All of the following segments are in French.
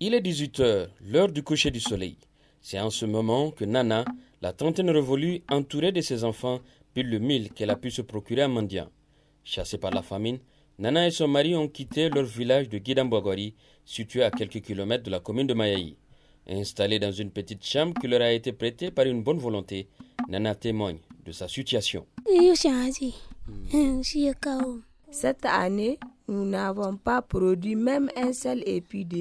Il est 18h, l'heure du coucher du soleil. C'est en ce moment que Nana, la trentaine révolue, entourée de ses enfants, pile le mille qu'elle a pu se procurer à Mandian. Chassée par la famine, Nana et son mari ont quitté leur village de Guidambogori, situé à quelques kilomètres de la commune de Mayaï. Installée dans une petite chambre qui leur a été prêtée par une bonne volonté, Nana témoigne de sa situation. Hmm. Hein, Cette année, nous n'avons pas produit même un seul épi de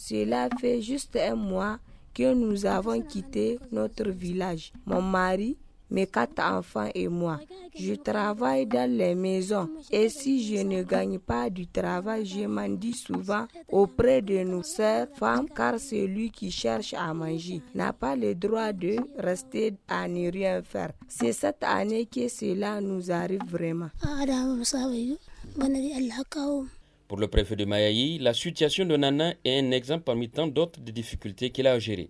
cela fait juste un mois que nous avons quitté notre village. Mon mari, mes quatre enfants et moi. Je travaille dans les maisons et si je ne gagne pas du travail, je m'en dis souvent auprès de nos sœurs femmes car celui qui cherche à manger n'a pas le droit de rester à ne rien faire. C'est cette année que cela nous arrive vraiment. Ah, pour le préfet de Mayaï, la situation de Nana est un exemple parmi tant d'autres des difficultés qu'il a à gérer.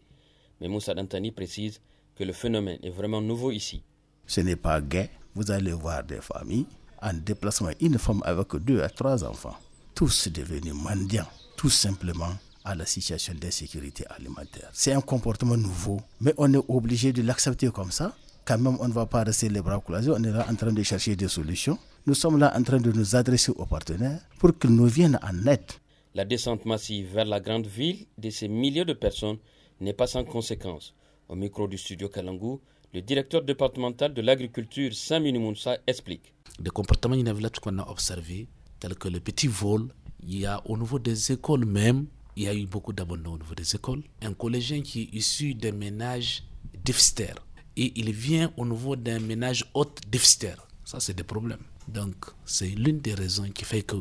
Mais Moussa Dantani précise que le phénomène est vraiment nouveau ici. Ce n'est pas gay. Vous allez voir des familles en déplacement, une femme avec deux à trois enfants, tous devenus mendiants, tout simplement à la situation d'insécurité alimentaire. C'est un comportement nouveau, mais on est obligé de l'accepter comme ça. Quand même, on ne va pas rester les bras croisés, on est là en train de chercher des solutions. Nous sommes là en train de nous adresser aux partenaires pour qu'ils nous viennent en aide. La descente massive vers la grande ville de ces milliers de personnes n'est pas sans conséquences. Au micro du studio Kalangou, le directeur départemental de l'agriculture, Samini Mounsa, explique. Des comportements inévitables qu'on a observés, tels que le petit vol, il y a au niveau des écoles même, il y a eu beaucoup d'abandon au niveau des écoles. Un collégien qui est issu d'un ménage déficitaire et il vient au niveau d'un ménage haute déficitaire. Ça, c'est des problèmes. Donc, c'est l'une des raisons qui fait que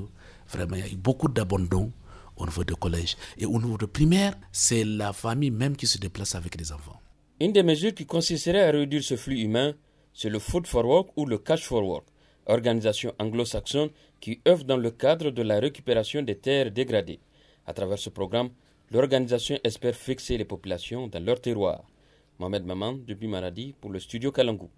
vraiment, il y a beaucoup d'abandon au niveau de collège. Et au niveau de primaire, c'est la famille même qui se déplace avec les enfants. Une des mesures qui consisterait à réduire ce flux humain, c'est le Food for Work ou le Cash for Work, organisation anglo-saxonne qui œuvre dans le cadre de la récupération des terres dégradées. À travers ce programme, l'organisation espère fixer les populations dans leur terroir. Mohamed Maman, depuis Maradi, pour le studio Kalangou.